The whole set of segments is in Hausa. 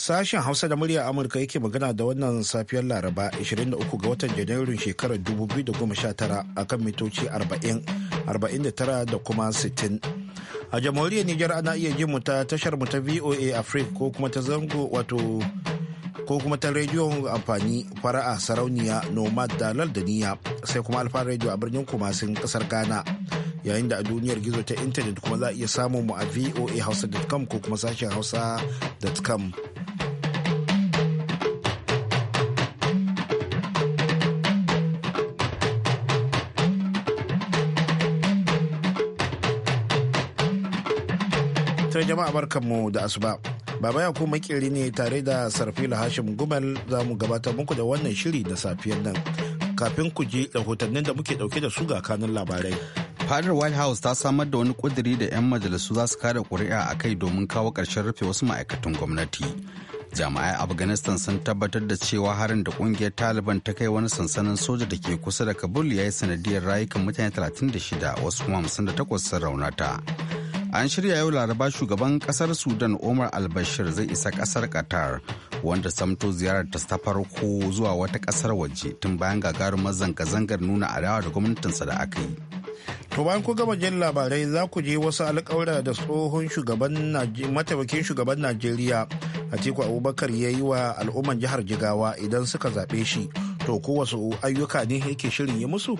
Sashen Hausa da murya Amurka yake magana da wannan safiyar Laraba 23 ga watan Janairun shekarar 2019 a kan mitoci 40, 49 da kuma 60. A jamhuriyar Nijar ana iya jin mu ta tashar mu ta VOA Africa ko kuma ta zango wato ko kuma ta rediyon amfani fara'a sarauniya nomad da niya sai kuma alfa rediyo a birnin kumasin kasar ghana yayin da a duniyar gizo ta intanet kuma za a iya samun mu a voa hausa.com ko kuma sashen hausa.com sai jama'a barkanmu da asuba. Baba Yakubu makiri ne tare da Sarfila Hashim Gumal za mu gabatar muku da wannan shiri da safiyar nan. Kafin ku ji rahotannin da muke dauke da su ga kanun labarai. Fadar White House ta samar da wani kuduri da 'yan majalisu za su kada ƙuri'a a kai domin kawo karshen rufe wasu ma'aikatan gwamnati. Jami'ai Afghanistan sun tabbatar da cewa harin da kungiyar Taliban ta kai wani sansanin soja da ke kusa da Kabul ya yi sanadiyar rayukan mutane 36 wasu kuma 58 sun raunata. An shirya yau laraba shugaban kasar Sudan Omar al-Bashir zai isa kasar Qatar wanda samto ziyarar ta farko zuwa wata kasar waje tun bayan gagarumar zanga-zangar nuna adawa da gwamnatinsa da aka yi. To bayan ku gama jin labarai za ku je wasu alƙawura da tsohon shugaban mataimakin shugaban Najeriya Atiku Abubakar ya yi wa al'umman jihar Jigawa idan suka zaɓe shi. To ko wasu ayyuka ne yake shirin yi musu?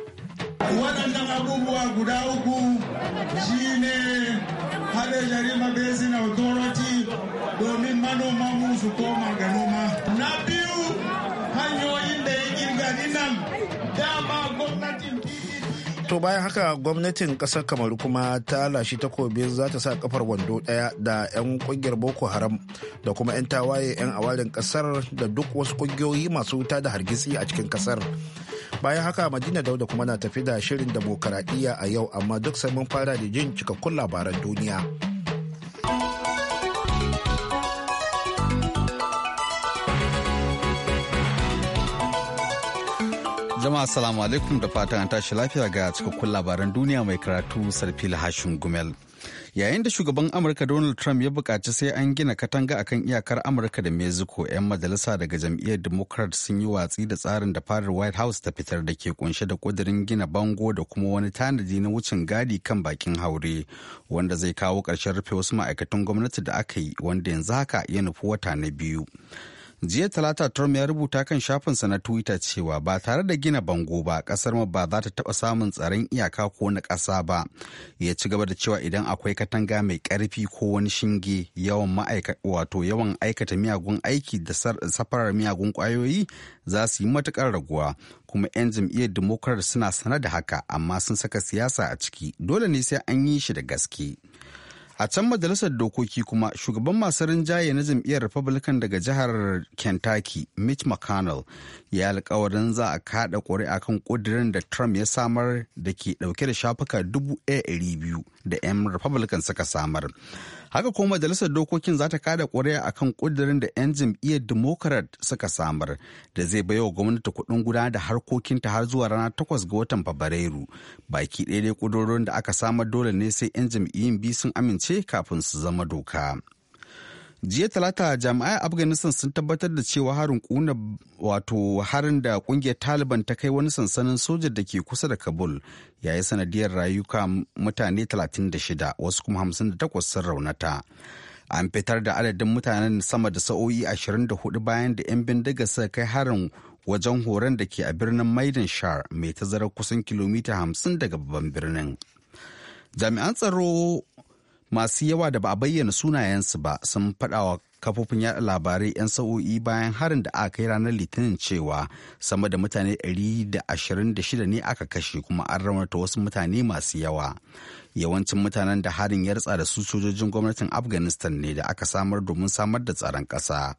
Waɗannan abubuwa guda uku shine. Habe Jarima Basin Authority domin manoma mu su koma ga noma. Na biyu hanyoyin da ya girga nan dama gwamnatin To bayan haka gwamnatin ƙasar Kamaru kuma ta lashe takobin za ta sa kafar wando daya da 'yan kungiyar Boko Haram da kuma 'yan tawaye 'yan awarin ƙasar da duk wasu ƙungiyoyi masu wuta da hargitsi a cikin ƙasar. bayan haka madina dauda kuma na tafi da shirin demokaradiyya a yau amma duk sai mun fara da jin cikakkun labaran duniya jama'a salamu alaikum da fatan tashi lafiya ga cikakkun labaran duniya mai karatu sarfil hashin gumel yayin da shugaban amurka donald trump ya buƙaci sai an gina katanga akan iyakar amurka da mexico 'yan majalisa daga jam'iyyar democrat sun yi watsi da tsarin da fadar white house ta fitar da ke kunshe da kudirin gina bango da kuma wani tanadi na wucin gadi kan bakin haure wanda zai kawo ƙarshen rufe wasu ma'aikatan gwamnati da aka yi wanda yanzu haka ya nufi wata na biyu jiya talata trump ya rubuta kan shafinsa na twitter cewa ba tare da gina bango ba kasar mu ba za ta taba samun tsaron iyaka ko na ƙasa ba ya ci gaba da cewa idan akwai katanga mai ƙarfi ko wani shinge yawan wato yawan aikata miyagun aiki da safarar miyagun ƙwayoyi za su yi matuƙar raguwa kuma 'yan jam'iyyar democrat suna sanar da haka amma sun saka siyasa a ciki dole ne sai an yi shi da gaske a can majalisar dokoki kuma shugaban masu rinjaye na jam'iyyar republican daga jihar kentucky mitch mcconnell ya alkawarin za a kada ƙuri'a kan ƙudirin da trump ya samar da ke ɗauke da shafuka 1200 da 'yan republican suka samar Haka kuma majalisar dokokin za ta kada ƙuri'a kan ƙudurin da 'yan jam'iyyar Democrat suka samar da zai wa gwamnati kuɗin gudanar da harkokinta har zuwa rana takwas ga watan Fabrairu. Baki ɗaya dai ƙudurorin da aka samar dole ne sai 'yan jam'iyyun biyu sun amince kafin su zama doka. jiya talata jami'ai afghanistan sun tabbatar da cewa harin kuna wato harin da kungiyar taliban ta kai wani sansanin soja da ke kusa da kabul ya yi sanadiyar rayuka mutane 36 wasu kuma 58 sun raunata an fitar da adadin mutanen sama da sa'o'i 24 bayan da 'yan bindiga suka kai harin wajen horon da ke a birnin maidan shar mai tazarar kusan kilomita 50 daga babban birnin jami'an tsaro masu yawa da ba a bayyana sunayensu ba sun faɗawa kafofin yada labarai 'yan sa'o'i bayan harin da aka yi ranar litinin cewa sama da mutane 126 ne aka kashe kuma an raunata wasu mutane masu yawa yawancin mutanen da harin ya da su sojojin gwamnatin afghanistan ne da aka samar domin samar da tsaron ƙasa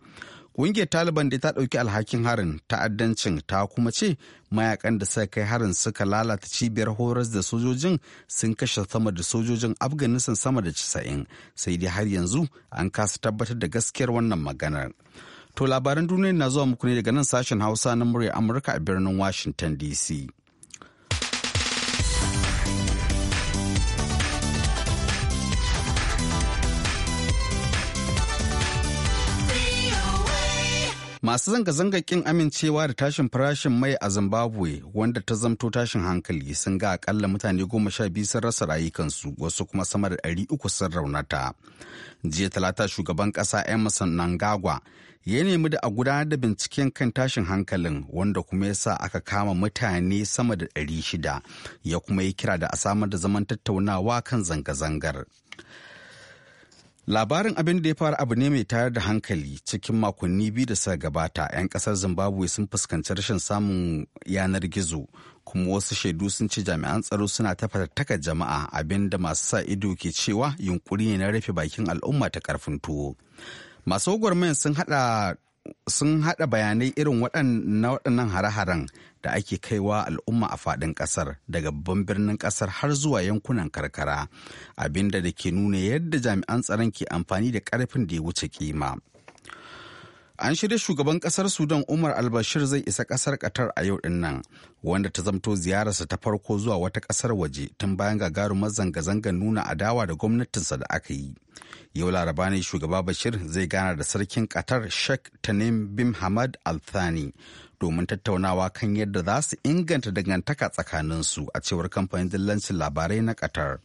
Ƙungiyar Taliban da ta ɗauki alhakin harin ta'addancin ta kuma ce mayakan da suka kai harin suka lalata cibiyar horas da sojojin sun kashe sama da sojojin Afghanistan sama da casa'in sai dai har yanzu an kasa tabbatar da gaskiyar wannan maganar. To labaran duniya na zuwa muku ne daga nan sashen Hausa na murya Amurka a birnin Washington DC. Masu zanga-zanga kin amincewa da tashin farashin mai a Zimbabwe wanda ta zamto tashin hankali sun ga akalla mutane goma sha biyu sun rasa rayukansu wasu kuma sama da ɗari uku sun raunata. Jiya talata shugaban ƙasa Emerson Nangagwa ya nemi da a gudanar da binciken kan tashin hankalin wanda kuma ya sa aka kama mutane sama da ɗari shida ya kuma yi kira da a samar da zaman tattaunawa kan zanga-zangar. labarin abin da ya faru abu ne mai tayar da hankali cikin makonni biyu da suka gabata 'yan kasar zimbabwe sun fuskanci rashin samun yanar gizo kuma wasu shaidu sun ce jami'an tsaro suna ta fatattaka jama'a abin da masu sa ido ke cewa yunkuri ne na rufe bakin al'umma ta karfin tuwo masu gwagwarmayar sun hada sun haɗa bayanai irin waɗannan hare-haren da ake kaiwa al'umma a faɗin ƙasar daga babban birnin ƙasar har zuwa yankunan karkara abinda da ke nuna yadda jami'an tsaron ke amfani da ƙarfin da ya wuce kima An shirya shugaban kasar Sudan Umar al-Bashir zai isa kasar Qatar a yau din nan, wanda ta zamto ziyararsa ta farko zuwa wata kasar waje tun bayan gagarumar zanga-zangar nuna adawa da gwamnatinsa da aka yi. Yau laraba ne shugaba Bashir zai gana da sarkin Qatar Sheikh Tanim bin Hamad Al Thani domin tattaunawa kan yadda za su inganta dangantaka tsakaninsu a cewar kamfanin dillancin labarai na Qatar.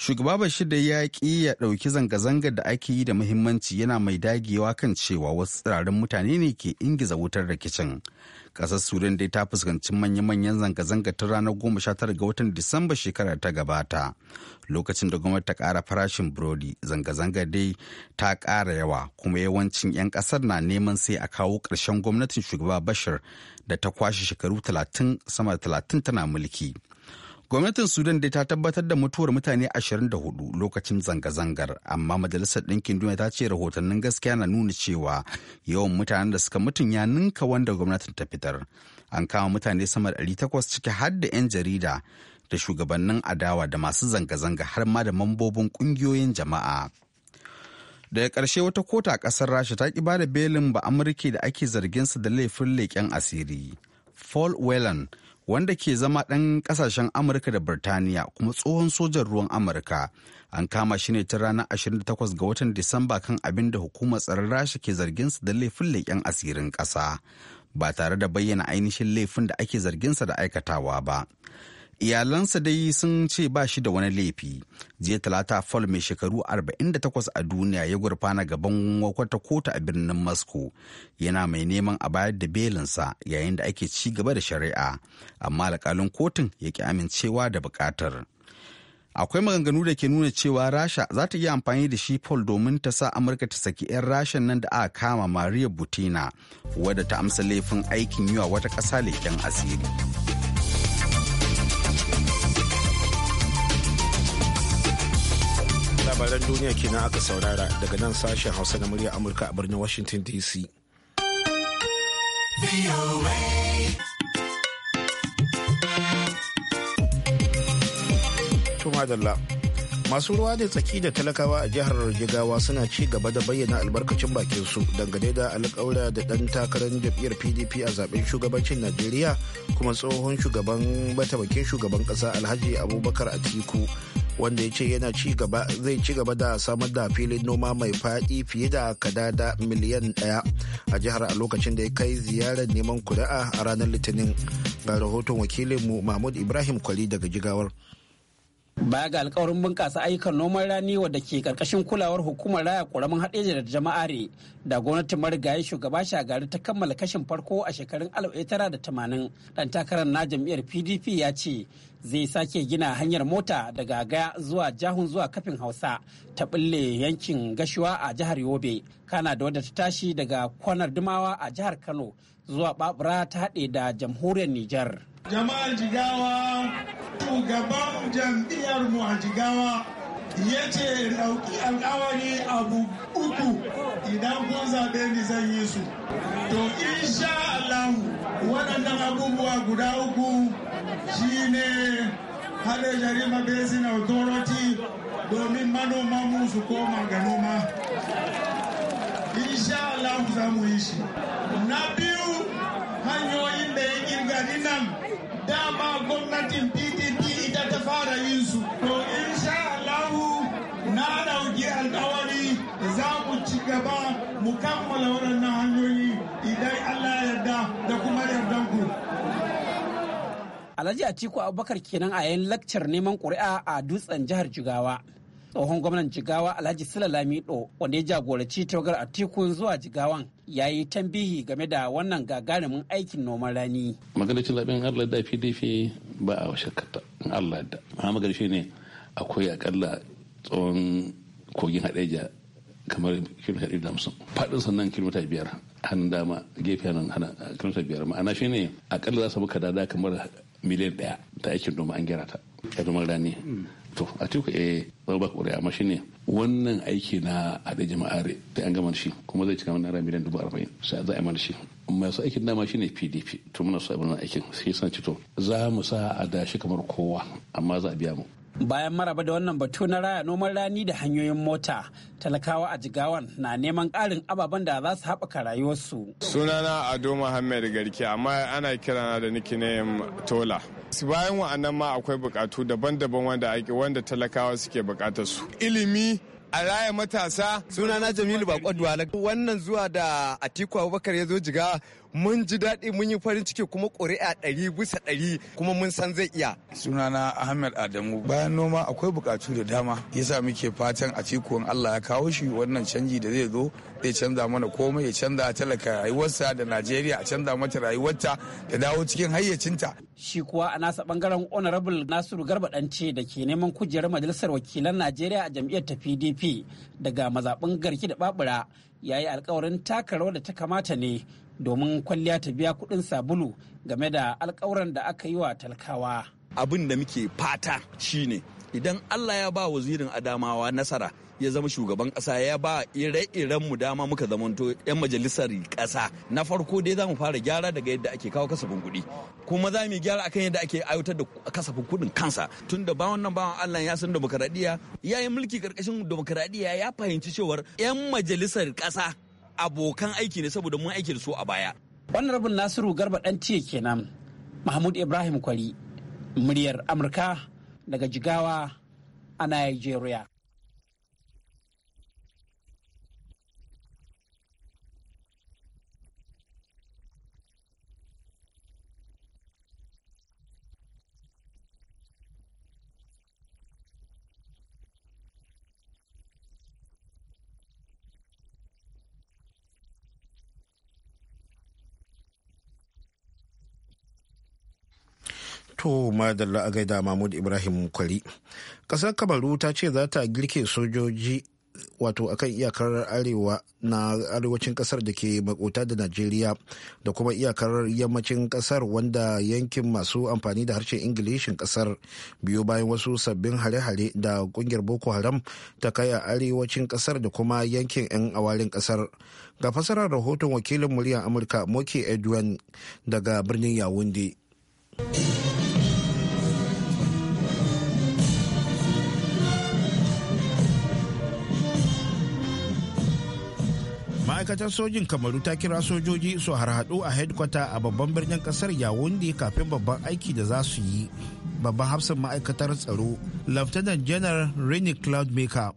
shugaba bashir da ya ƙi ya ɗauki zanga-zangar da ake yi da muhimmanci yana mai dagewa kan cewa wasu tsirarin mutane ne ke ingiza wutar rikicin ƙasar sudan dai ta fuskanci manya-manyan zanga-zanga ta ranar goma sha tara ga watan disamba shekarar ta gabata lokacin da gwamnati ta ƙara farashin burodi zanga-zanga dai ta ƙara yawa kuma yawancin 'yan ƙasar na neman sai a kawo ƙarshen gwamnatin shugaba bashir da ta kwashe shekaru 30 sama da talatin tana mulki. Gwamnatin Sudan dai ta tabbatar da mutuwar mutane 24 lokacin zanga-zangar, amma Majalisar Ɗinkin Duniya ta ce rahotannin gaskiya na nuna cewa yawan mutanen da suka mutum ya ninka wanda gwamnatin ta fitar. An kama mutane sama da 800 ciki har da 'yan jarida da shugabannin adawa da masu zanga-zanga har ma da mambobin ƙungiyoyin jama'a. daga ƙarshe wata kota a ƙasar rasha ta ƙi bada belin ba amurka da ake zarginsa da laifin leƙen asiri paul whelan wanda ke zama ɗan ƙasashen amurka da birtaniya kuma tsohon sojan ruwan amurka an kama shi ne tun ranar 28 ga watan disamba kan abin da hukumar tsaron rasha ke zarginsa da laifin leƙen asirin ƙasa ba tare da bayyana ainihin laifin da ake zarginsa da aikatawa ba iyalansa dai sun ce ba shi da wani laifi jiya talata fall mai shekaru 48 a duniya ya gurfana gaban wakwata kota a birnin moscow yana mai neman a bayar da belinsa yayin da ake ci gaba da shari'a amma alkalin kotun ya ki amincewa da bukatar akwai maganganu da ke nuna cewa rasha za ta iya amfani da shi paul domin ta sa amurka ta saki 'yan rasha nan da aka kama maria butina wadda ta amsa laifin aikin yiwa wata ƙasa leken asiri labaran duniya kenan aka saurara daga nan sashen hausa na murya amurka a birnin washington dc masu ruwa da tsaki da talakawa a jihar jigawa suna ci gaba da bayyana albarkacin bakin su dangane da alƙawura da dan takarar jam'iyyar pdp a zaben shugabancin najeriya kuma tsohon shugaban mataimakin shugaban kasa alhaji abubakar atiku wanda ya ce yana ci gaba zai ci gaba da samar da filin noma mai faɗi fiye da kadada miliyan ɗaya a jihar a lokacin da ya kai ziyarar neman kuri'a a ranar litinin ga rahoton wakilinmu mahmud ibrahim kwali daga jigawar baya ga alkawarin bunƙasa ayyukan noman rani wadda ke karkashin kulawar hukumar raya ƙoramin haɗeja da jama'are da gwamnatin marigayi shugaba shagari ta kammala kashin farko a shekarun 1980 ɗan takarar na jam'iyyar pdp ya ce zai sake gina hanyar mota daga gaya zuwa jahun zuwa kafin hausa ta ɓille yankin gashuwa a jihar yobe kana da wadda ta tashi daga kwanar dumawa a jihar kano zuwa babura ta haɗe da jamhuriyar nijar jama'ar jigawa shugaban jam'iyyar mu a jigawa ya ce ɗauki alkawari abu uku idan kun zaɓe ni zan yi su to insha Allah waɗannan abubuwa guda uku shine haɗe jarima basin authority domin manoma mu su koma ga noma insha Allah za mu yi shi na biyu hanyoyin da ya girga nan dama gwamnatin Alhaji Atiku Abubakar kenan a yayin lakcar neman ƙuri'a a dutsen jihar Jigawa. Tsohon gwamnan Jigawa Alhaji Sula Lamido wanda ya jagoranci tawagar Atiku zuwa Jigawan ya yi tambihi game da wannan gagarumin aikin noman rani. Maganar cin labin Allah da fi dafi ba a shakkata in Allah da. Ma magana shi ne akwai akalla tsawon kogin haɗeja kamar kilomita ɗari da hamsin faɗin sannan kilomita biyar hannun dama gefe hannun hana eh, kilomita biyar ma'ana a akalla za su muka dada kamar miliyan ɗaya ta aikin domin an gyara ta ya zama rani to a tuku eh ba ƙuri'a amma shi ne. wannan aiki na haɗe jama'a da an gama shi kuma zai cika naira miliyan dubu arba'in sai za a yi shi masu aikin dama shine pdp to muna so a aikin sai suna ci to za mu sa a dashi kamar kowa amma za a biya mu bayan maraba da wannan batu na raya noman rani da hanyoyin mota talakawa a jigawan na neman ƙarin ababen da za su haɓaka rayuwarsu sunana ado muhammed garki amma ana kirana da nickname tola Su bayan wa'annan ma akwai bukatu daban-daban wanda ake wanda talakawa suke bukatar su ilimi a raya matasa sunana jamilu bakon wannan zuwa da atiku abubakar ya zo jiga mun ji daɗi mun yi farin ciki kuma ƙuri'a ɗari bisa ɗari kuma mun san zai iya. sunana ahmed adamu bayan noma akwai buƙatu da dama yasa muke fatan a cikin allah ya kawo shi wannan canji da zai zo zai canza mana komai ya canza talaka rayuwarsa da najeriya a canza mata rayuwarta da dawo cikin hayyacinta. shi kuwa a nasa bangaren honorable nasiru garba ɗance da ke neman kujerar majalisar wakilan najeriya a jam'iyyar ta pdp daga mazaɓin garki da babura yayi yi alkawarin taka rawar da ta kamata ne domin kwalliya ta biya kuɗin sabulu game da alkawuran da aka yi wa talkawa. Abin da muke fata shine idan Allah ya ba wazirin Adamawa nasara ya zama shugaban ƙasa ya ba ire-iren mu dama muka zamanto 'yan majalisar kasa na farko dai za mu fara gyara daga yadda ake kawo kasafin kuɗi kuma za mu gyara akan yadda ake aiwatar da kasafin kuɗin kansa tunda da bawan Allah ya san demokaradiyya ya yi mulki karkashin demokaradiyya ya fahimci cewar 'yan majalisar ƙasa abokan aiki ne saboda mun aiki da su a baya wannan rabin nasiru garba ɗan tiye kenan mahmud ibrahim kwari muryar amurka daga jigawa a nigeria To madalla a Mahmud Ibrahim Kwari. Kasar Kamaru ta ce za ta girke sojoji wato akan iyakar arewa na arewacin kasar da ke makota da Najeriya da kuma iyakar yammacin kasar wanda yankin masu amfani da harshen Ingilishin kasar biyu bayan wasu sabbin hare-hare da kungiyar Boko Haram ta kai a arewacin kasar da kuma yankin 'yan awarin kasar. Ga fasarar rahoton wakilin muryar Amurka Moke Edwin daga birnin Yawunde. ma'aikatar sojin kamaru ta kira sojoji su harhaɗu a headquarter a babban birnin kasar yawundi kafin babban aiki da za su yi babban hafsan ma'aikatar tsaro lieutenant janar rainy cloudmaker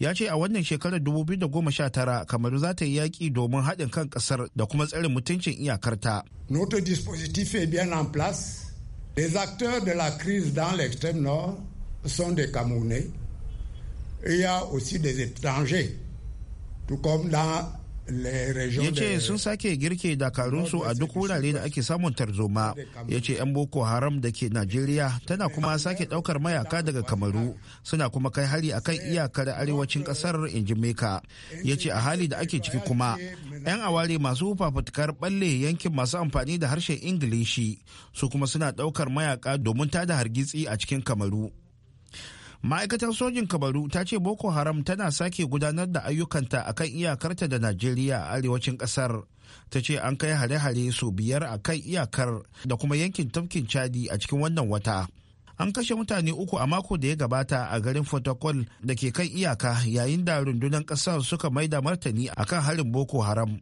ya ce a wannan shekarar 2019 kamaru za ta yi yaƙi domin haɗin kan ƙasar da kuma tsarin mutuncin iyakarta. Notre dispositif est bien en place. Les acteurs de la crise dans l'extrême nord sont des Camerounais. Il y a aussi des étrangers, tout comme dans ya ce sun sake girke dakarunsu a duk wurare da ake samun tarzoma ya ce 'yan boko haram da ke najeriya tana kuma sake daukar mayaka daga kamaru suna kuma kai hari a kan iyakar arewacin kasar inji meka ya ce a hali da ake ciki kuma 'yan aware masu fafutukar balle yankin masu amfani da harshen ingilishi su kuma suna daukar mayaka domin tada hargitsi a cikin kamaru ma'aikatar sojin kabaru ta ce boko haram tana sake gudanar da ayyukanta a kan iyakarta da najeriya a arewacin kasar ta ce an kai hare-hare su biyar a kan iyakar da kuma yankin tafkin chadi a cikin wannan wata an kashe mutane uku a mako da ya gabata a garin fotokol da ke kan iyaka yayin da rundunar ƙasar suka maida martani akan harin boko haram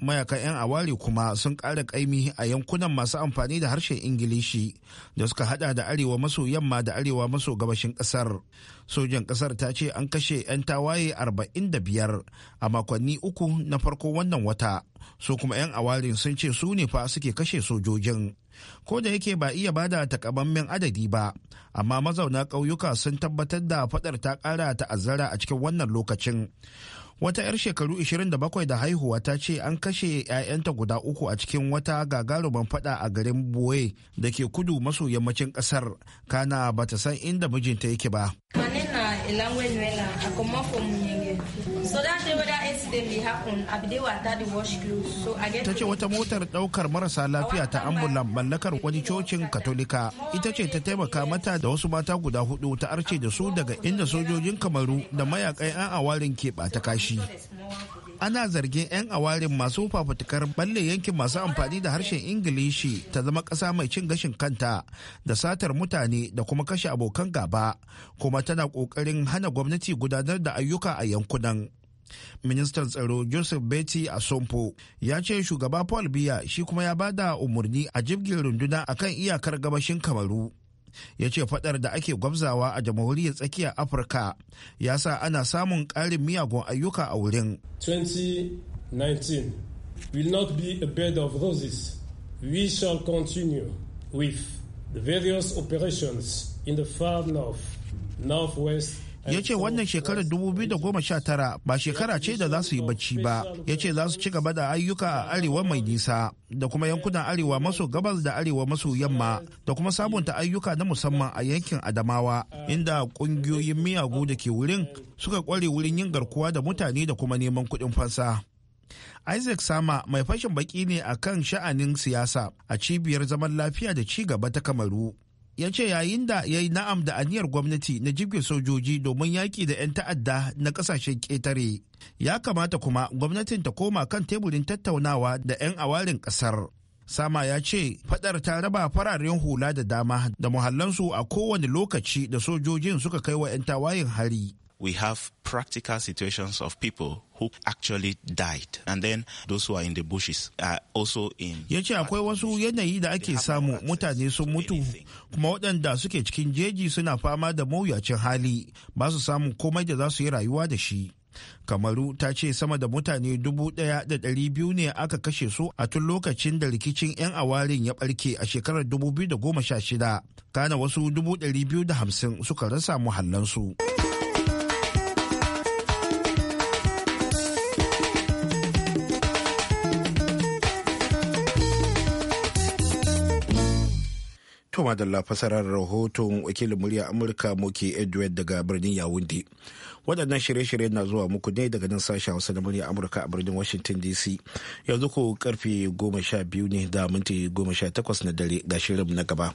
mayaka 'yan awari kuma sun ƙara ƙaimi a yankunan masu amfani da harshen ingilishi da suka hada da arewa maso yamma da arewa maso gabashin ƙasar sojan ƙasar ta ce an kashe 'yan tawaye 45 a makonni uku na farko wannan wata su kuma 'yan awarin sun ce su ne fa suke kashe sojojin ko da yake ba iya bada takamammen adadi ba amma mazauna ƙauyuka sun tabbatar da fadar ta ƙara ta'azzara a cikin wannan lokacin wata 'yar shekaru 27 da haihuwa ta ce an kashe 'ya'yanta guda uku a cikin wata gagaruman fada a garin boye da ke kudu maso yammacin kasar kana bata san inda mijinta yake ba. ta ce wata motar daukar marasa lafiya ta ambulan mallakar wani cocin katolika ita ce ta taimaka mata da wasu mata guda hudu ta arce da su daga inda sojojin kamaru da mayakai an awarin ke ta kashi ana zargin 'yan awarin masu fafutukar balle yankin masu amfani da harshen ingilishi ta zama ƙasa mai cin gashin kanta da satar mutane da kuma kashe abokan gaba kuma tana ƙoƙarin hana gwamnati gudanar da ayyuka a yankunan ministan tsaro joseph betty asompo ya ce shugaba paul biya shi kuma ya bada umarni a jibgin runduna akan iyakar gabashin kamaru ya ce fadar da ake gwabzawa a jamhuriyar Tsakiya afirka ya sa ana samun ƙarin miyagun ayyuka a wurin 2019 will not be a bed of roses we shall continue with the various operations in the far north northwest ya ce wannan shekarar 2019 ba shekara ce da za su yi bacci ba ya ce za su ci gaba da ayyuka a arewa mai nisa da kuma yankunan arewa maso gabas da arewa maso yamma da kuma sabunta ayyuka na musamman a yankin adamawa inda kungiyoyin miyagu da ke wurin suka kware wurin yin garkuwa da mutane da kuma neman kuɗin fansa Isaac Sama mai fashin baki ne a kan sha'anin siyasa a cibiyar zaman lafiya da ci gaba ta Kamaru. ya ce yayin da ya yi na'am da aniyar gwamnati na jibge sojoji domin yaƙi da 'yan ta'adda na ƙasashen ƙetare ya kamata kuma gwamnatin ta koma kan teburin tattaunawa da 'yan awarin ƙasar sama ya ce fadar ta raba fararen hula da dama da muhallansu a kowane lokaci da sojojin suka kai wa 'yan tawayin hari we have practical situations of people who actually died and then those who are in the bushes are also in ya ce akwai wasu yanayi da ake samu mutane sun mutu kuma waɗanda suke cikin jeji suna fama da mawuyacin hali ba su samun komai da za su yi rayuwa da shi kamaru ta ce sama da mutane dubu da ɗari biyu ne aka kashe su a tun lokacin da rikicin 'yan awarin ya ɓarke a shekarar dubu biyu da goma sha shida kana wasu dubu ɗari biyu da hamsin suka rasa muhallansu. To da fasarar rahoton wakilin murya Amurka muke Edward daga birnin yawundi Waɗannan shirye-shirye na zuwa muku ne daga nan sashen Hausa da murya Amurka a birnin Washington DC. Yanzu ko karfe goma sha biyu ne da minti goma sha takwas na dare ga shirin na gaba.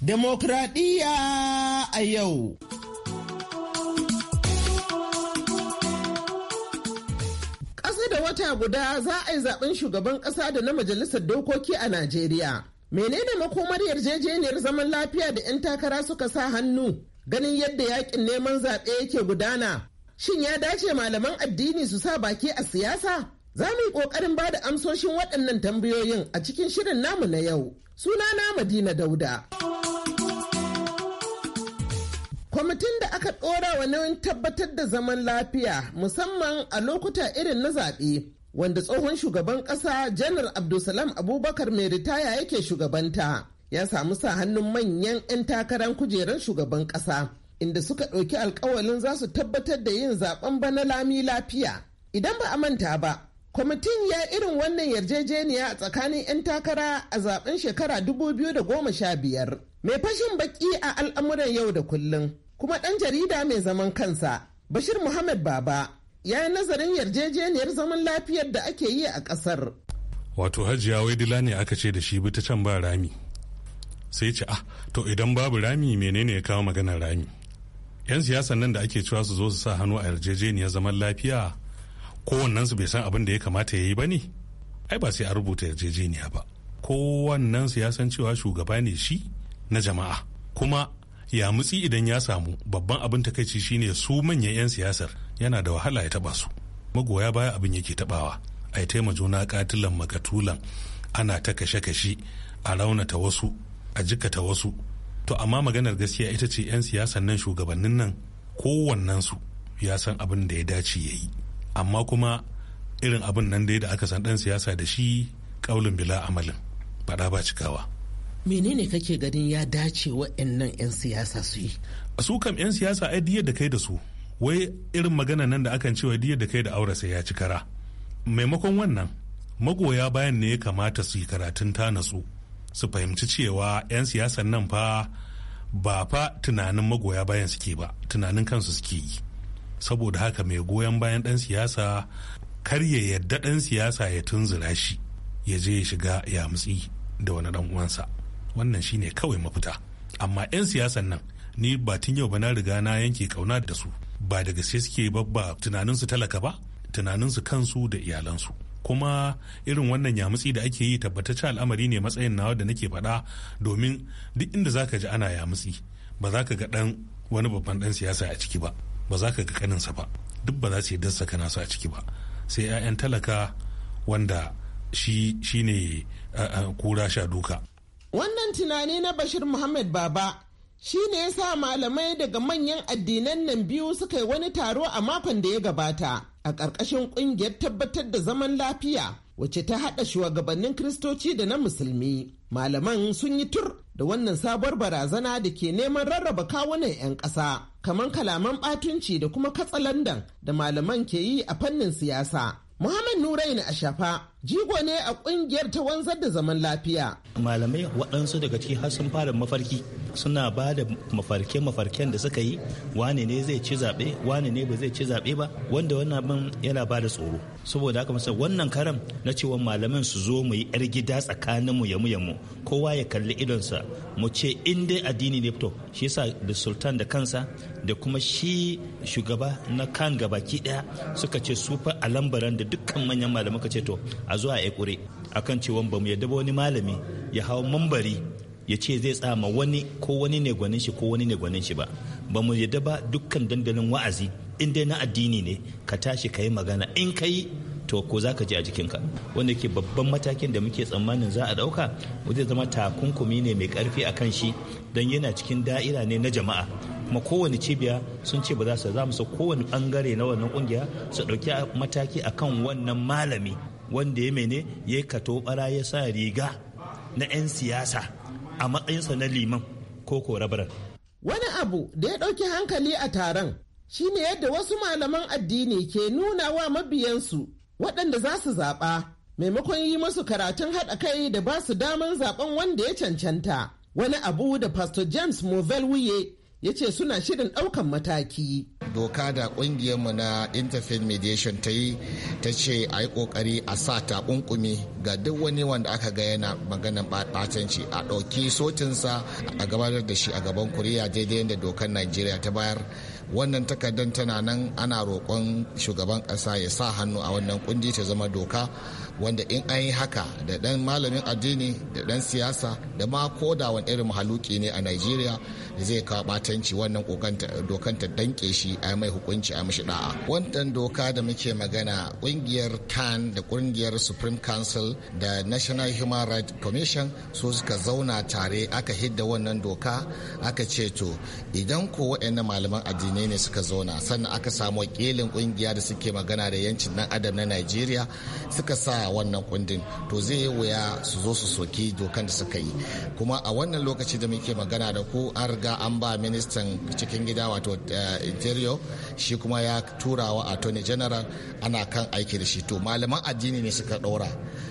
Demokradiyya a yau. wata guda za a yi zaben shugaban ƙasa da na majalisar dokoki a Najeriya. Menene makomar yarjejeniyar zaman lafiya da 'yan takara suka sa hannu ganin yadda yakin neman zaɓe yake gudana? Shin ya dace malaman addini su sa baki a siyasa? Za mu yi ƙoƙarin ba da amsoshin waɗannan tambayoyin a cikin shirin namu na yau. Suna Sunana Madina Dauda. kwamitin da aka ɗora wa nauyin tabbatar da zaman lafiya musamman a lokuta irin na zaɓe wanda tsohon shugaban ƙasa janar abdulsalam abubakar mai ritaya yake shugabanta ya samu sa hannun manyan 'yan takarar kujerar shugaban ƙasa inda suka ɗauki alkawalin za su tabbatar da yin zaɓen bana lami lafiya idan ba a manta ba kwamitin ya irin wannan yarjejeniya a tsakanin 'yan takara a zaben shekara 2015 mai fashin baki a al'amuran yau da kullum kuma ɗan jarida mai zaman kansa bashir muhammad baba ya yi nazarin yarjejeniyar zaman lafiyar da ake yi a ƙasar wato hajiya wai dila ne aka ce da shi bi ta can ba rami sai ce ah to idan babu rami menene ya kawo maganar rami yan siyasan nan da ake cewa su zo su sa hannu a yarjejeniyar zaman lafiya kowannensu bai san abin da ya kamata ya yi ba ne ai ba sai a rubuta yarjejeniya ba kowannen su ya cewa shugaba ne shi na jama'a kuma ya mutsi idan ya samu babban abin takaici shine su manyan 'yan siyasar yana da wahala ya taba su magoya baya abin yake tabawa a yi taima juna katilan makatulan ana ta kashe-kashe a raunata wasu a jikata wasu to amma maganar gaskiya ita ce 'yan siyasan nan shugabannin nan su ya san abin da ya dace ya yi amma kuma irin abin nan dai da aka san ɗan siyasa da shi kaulin bila amalin faɗa ba cikawa menene kake ganin ya dace waɗannan 'yan siyasa su yi su kam 'yan siyasa ai diyar da kai da su wai irin magana nan da akan cewa diyar da kai da aure sai ya ci kara maimakon wannan magoya bayan ne ya kamata su yi karatun tana su su fahimci cewa 'yan siyasan nan fa ba fa tunanin magoya bayan suke ba tunanin kansu suke yi saboda haka mai goyon bayan ɗan siyasa kar ya yadda ɗan siyasa ya tunzura shi ya je ya shiga ya mutsi da wani ɗan uwansa wannan shine kawai mafita amma 'yan siyasan nan ni ba tun yau ba na riga na yanke kauna da su ba daga sai suke babba tunaninsu talaka ba tunaninsu kansu da iyalansu kuma irin wannan yamutsi da ake yi tabbatacce al'amari ne matsayin nawa da nake faɗa domin duk inda za ka ji ana yamutsi ba za ka ga ɗan wani babban ɗan siyasa a ciki ba ba za ka ga kaninsa ba duk ba za su dasa saka nasu a ciki ba sai 'ya'yan talaka wanda shi ne kura sha duka Wannan tunani na Bashir Muhammad Baba shi ne ya sa malamai daga manyan addinan nan biyu suka yi wani taro a makon da ya gabata a ƙarƙashin ƙungiyar tabbatar da zaman lafiya wacce ta haɗa shugabannin Kiristoci da na Musulmi. Malaman sun yi tur da wannan sabuwar barazana da ke neman rarraba kawunan 'yan ƙasa, kamar kalaman ɓatunci da kuma katsalandan da malaman ke yi a fannin siyasa. Muhammad Nuraini a shafa jigo ne a kungiyar ta wanzar da zaman lafiya. Malamai waɗansu daga ciki har sun fara mafarki suna ba da mafarke-mafarken da suka yi wane ne zai ci zaɓe wane ne ba zai ci zaɓe ba wanda wannan abin yana ba da tsoro. Saboda haka masa wannan karam na cewa malaman su zo mu yi yar gida tsakanin mu yamu yamu kowa ya kalli idonsa mu ce in dai addini ne to shi yasa da sultan da kansa da kuma shi shugaba na kan gabaki daya suka ce sufa a lambaran da dukkan manyan malamai ka ce to a zuwa a kure akan cewa ba mu yadda wani malami ya hau mambari ya ce zai tsama wani ko wani ne gwanin shi ko wani ne gwanin shi ba ba mu yadda ba dukkan dandalin wa'azi in dai na addini ne ka tashi ka yi magana in ka yi to ko za ka ji a jikinka wanda ke babban matakin da muke tsammanin za a ɗauka zai zama takunkumi ne mai karfi a kan shi don yana cikin da'ira ne na jama'a kuma kowane cibiya sun ce ba za su za mu so kowane bangare na wannan kungiya su ɗauki mataki akan wannan malami wanda ya mene ya kato bara ya sa riga na 'yan siyasa a matsayinsa na liman ko rabaran Wani abu da ya dauki hankali a taron shine yadda wasu malaman addini ke nuna wa mabiyansu waɗanda za su zaɓa maimakon yi musu karatun haɗa kai da ba su daman zaɓen wanda ya cancanta wani abu da pastor james movell wuye ya ce suna shirin ɗaukan mataki doka da ƙungiyarmu na interfaith mediation ta yi ta ce a yi ƙoƙari a sa takunkumi ga duk wani wanda aka ga yana maganan ɓatanci a ɗauki sotinsa a gabatar da shi a gaban kuriya daidai da dokar najeriya ta bayar wannan takardar tana nan ana roƙon shugaban ƙasa ya sa hannu a wannan kundi ta zama doka wanda in an yi haka da dan malamin addini da dan siyasa da ma koda wani irin mahaluki ne a nigeria zai kawo batanci wannan dokan ta danke shi a mai hukunci a mashi da'a. Wannan doka da muke magana kungiyar tan da kungiyar Supreme Council da National Human Rights Commission su suka zauna tare aka hidda wannan doka aka ce to idan ko wa'yan malaman addini ne suka zauna sannan aka samu wakilin kungiya da suke magana da yancin dan adam na Najeriya suka sa a wannan kundin to zai yi wuya su zo su soki dokan da suka yi kuma a wannan lokaci da muke magana da ku an riga an ba ministan cikin gida wato eh, interior shi kuma ya turawa attorney general ana kan aiki da shi to malaman addini ne suka ɗora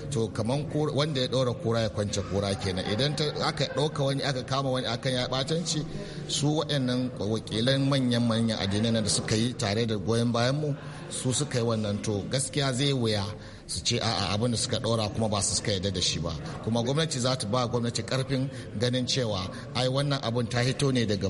to kaman wanda ya ɗora kura ya kwance kura kenan idan ta aka ɗauka wani aka kama wani akan ya ɓatanci su waɗannan wakilan manyan manyan addinai da suka yi tare da goyon bayan mu su suka yi wannan to gaskiya zai wuya su ce a'a abin da suka ɗora kuma ba su suka yarda da shi ba kuma gwamnati za ta ba gwamnati karfin ganin cewa ai wannan abin ta hito ne daga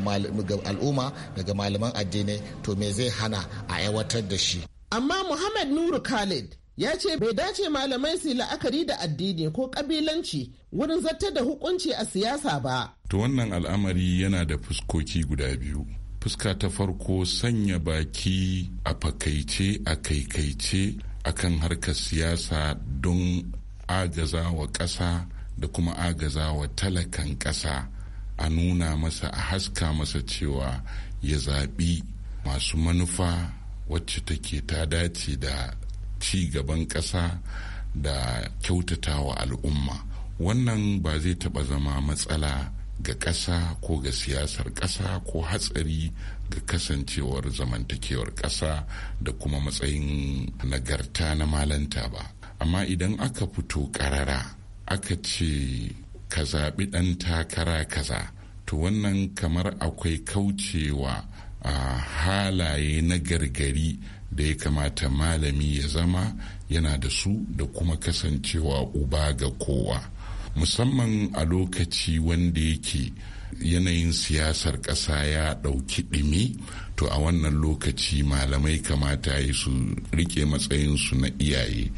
al'umma daga malaman addinai to me zai hana a aiwatar da shi amma muhammad nuru khalid ya ce bai dace malamai su la'akari da addini ko kabilanci wurin zartar da hukunci a siyasa ba to wannan al'amari yana da fuskoki guda biyu fuska ta farko sanya baki a fakaice a kaikaice akan harkar siyasa don agaza wa ƙasa da kuma agaza wa talakan ƙasa a nuna masa a haska masa cewa ya zaɓi masu manufa wacce take ta dace da ci gaban ƙasa da kyautata wa al'umma wannan ba zai taɓa zama matsala ga ƙasa ko ga siyasar ƙasa ko hatsari ga kasancewar zamantakewar ƙasa da kuma matsayin nagarta na malanta ba amma idan aka fito ƙarara aka ce ka zaɓi ɗan takara kaza to wannan kamar akwai kaucewa a halaye na gargari da ya kamata malami ya zama yana da su da kuma kasancewa uba ga kowa musamman a lokaci wanda yake yanayin siyasar ƙasa ya ɗauki ɗimi to a wannan lokaci malamai kamata yi su rike matsayinsu na iyaye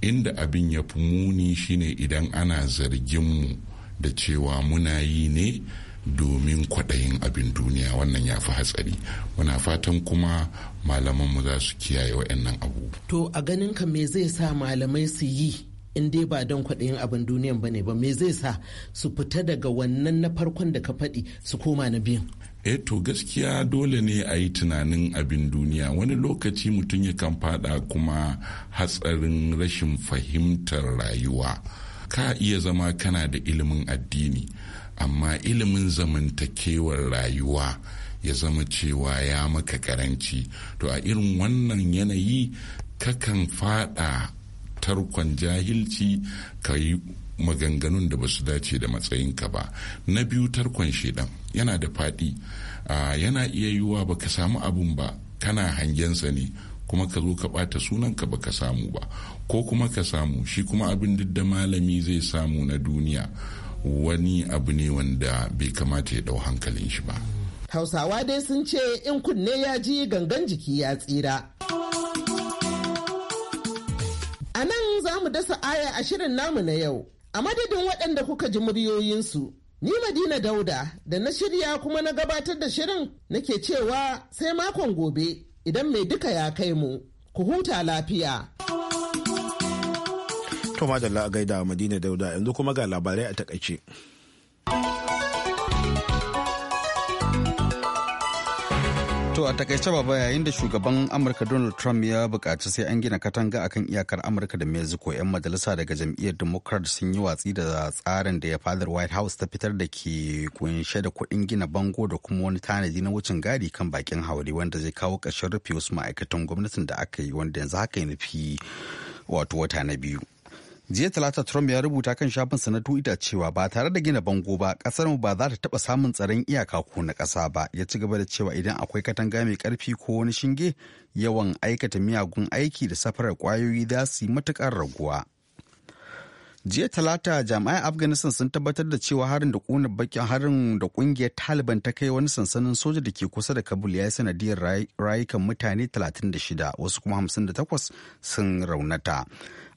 inda abin ya fi muni shine idan ana zargin mu da cewa muna yi ne domin kwaɗayin abin duniya wannan ya fi hatsari muna fatan kuma malamanmu za su kiyaye wa'annan abu? to a ganin ka me zai sa malamai su yi in dai ba don kwaɗayin abin duniyan ba ne ba me zai sa su fita daga wannan na farkon da ka faɗi su koma na biyun eh to gaskiya dole ne a yi tunanin abin duniya wani lokaci mutum ya kan fada kuma hatsarin rashin fahimtar rayuwa ka iya zama kana da ilimin addini amma ilimin zamantakewar rayuwa ya zama cewa ya maka karanci to a irin wannan yanayi kakan fada tarkon jahilci ka yi maganganun da ba su dace da matsayinka ba na biyu tarkon shaidan yana da faɗi yana iya yiwuwa ba ka samu abun ba kana hangensa ne kuma ka zo ka sunan sunanka ba ka samu ba ko kuma ka samu shi kuma abin duk da malami zai samu na duniya wani abu ne wanda bai kamata ya dau hankalin shi ba hausawa dai sun ce in kunne ya ji gangan jiki ya tsira A nan za mu dasa aya a shirin namu na yau, a madadin waɗanda kuka ji muryoyinsu. Ni Madina Dauda da na shirya kuma na gabatar da shirin nake cewa sai makon gobe idan mai duka ya kai mu, ku huta lafiya. To madalla a gaida Madina Dauda yanzu kuma ga labarai a takaice. To a takaice baba yayin da shugaban Amurka Donald Trump ya buƙaci sai an gina katanga akan iyakar Amurka da Mexico 'yan majalisa daga jam'iyyar Democrat sun yi watsi da tsarin da ya fadar White House ta fitar da ke kunshe da kuɗin gina bango da kuma wani tanadi na wucin gadi kan bakin haure wanda zai kawo ƙarshen rufe wasu ma'aikatan gwamnatin da aka yi wanda yanzu haka ya nufi wata na biyu. jiya talata trump ya rubuta kan shafin sa na twitter cewa ba tare da gina bango ba kasar mu ba za ta taba samun tsaron iyaka ko na kasa ba ya ci gaba da cewa idan akwai katanga mai karfi ko wani shinge yawan aikata miyagun aiki da safarar kwayoyi za su yi matukar raguwa jiya talata jami'ai afghanistan sun tabbatar da cewa harin da kuna bakin harin da kungiyar taliban ta kai wani sansanin soja da ke kusa da kabul ya yi sanadiyar rayukan mutane 36 wasu kuma 58 sun raunata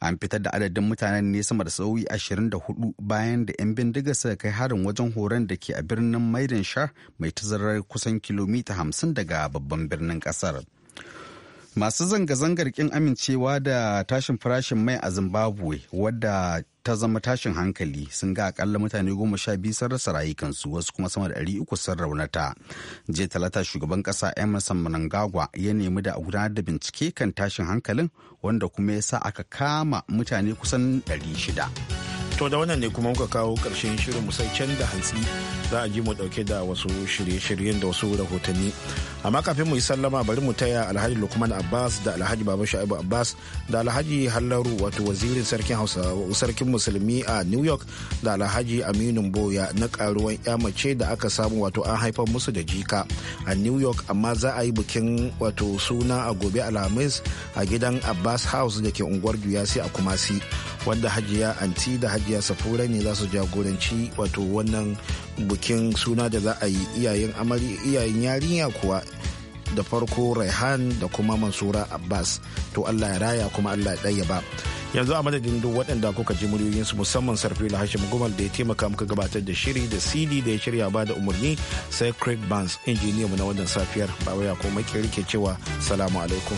an fitar da adadin mutanen ne sama da sauyi 24 bayan da 'yan bindiga suka kai harin wajen horon da ke a birnin maidan sha mai tazarar kusan kilomita 50 daga babban birnin kasar. Masu zanga-zangar kin amincewa da tashin farashin mai a Zimbabwe wadda ta zama tashin hankali sun ga akalla mutane goma sha biyu sun rasa rayukansu wasu kuma sama da ɗari uku sun raunata. jiya talata shugaban ƙasa Emerson manangagwa ya nemi da a gudanar da bincike kan tashin hankalin wanda kuma ya sa aka kama mutane kusan ɗari shida. To da wannan ne kuma muka kawo karshen shirin musai can da hantsi za a ji mu ɗauke da wasu shirye-shiryen da wasu rahotanni. Amma kafin mu yi sallama bari mu taya Alhaji Lukman Abbas da Alhaji Baba Sha'ibu Abbas da Alhaji Hallaru wato wazirin sarkin Hausa sarkin Musulmi a New York da Alhaji Aminu Boya na karuwan ya mace da aka samu wato an haifar musu da jika a New York amma za a yi bikin wato suna a gobe Alhamis a gidan Abbas House da ke unguwar Duyasi a Kumasi. wanda hajiya anti da hajiya safura ne za su jagoranci wato wannan bukin suna da za a yi iyayen amari iyayen yarinya kuwa da farko raihan da kuma mansura abbas to allah ya raya kuma allah ya ɗaya ba yanzu a madadin duk waɗanda kuka ji muryoyinsu musamman la hashim gumal da ya taimaka muka gabatar da shiri da cd da ya shirya ba da umarni sai craig barnes mu na wannan safiyar ba kuma ke rike cewa salamu alaikum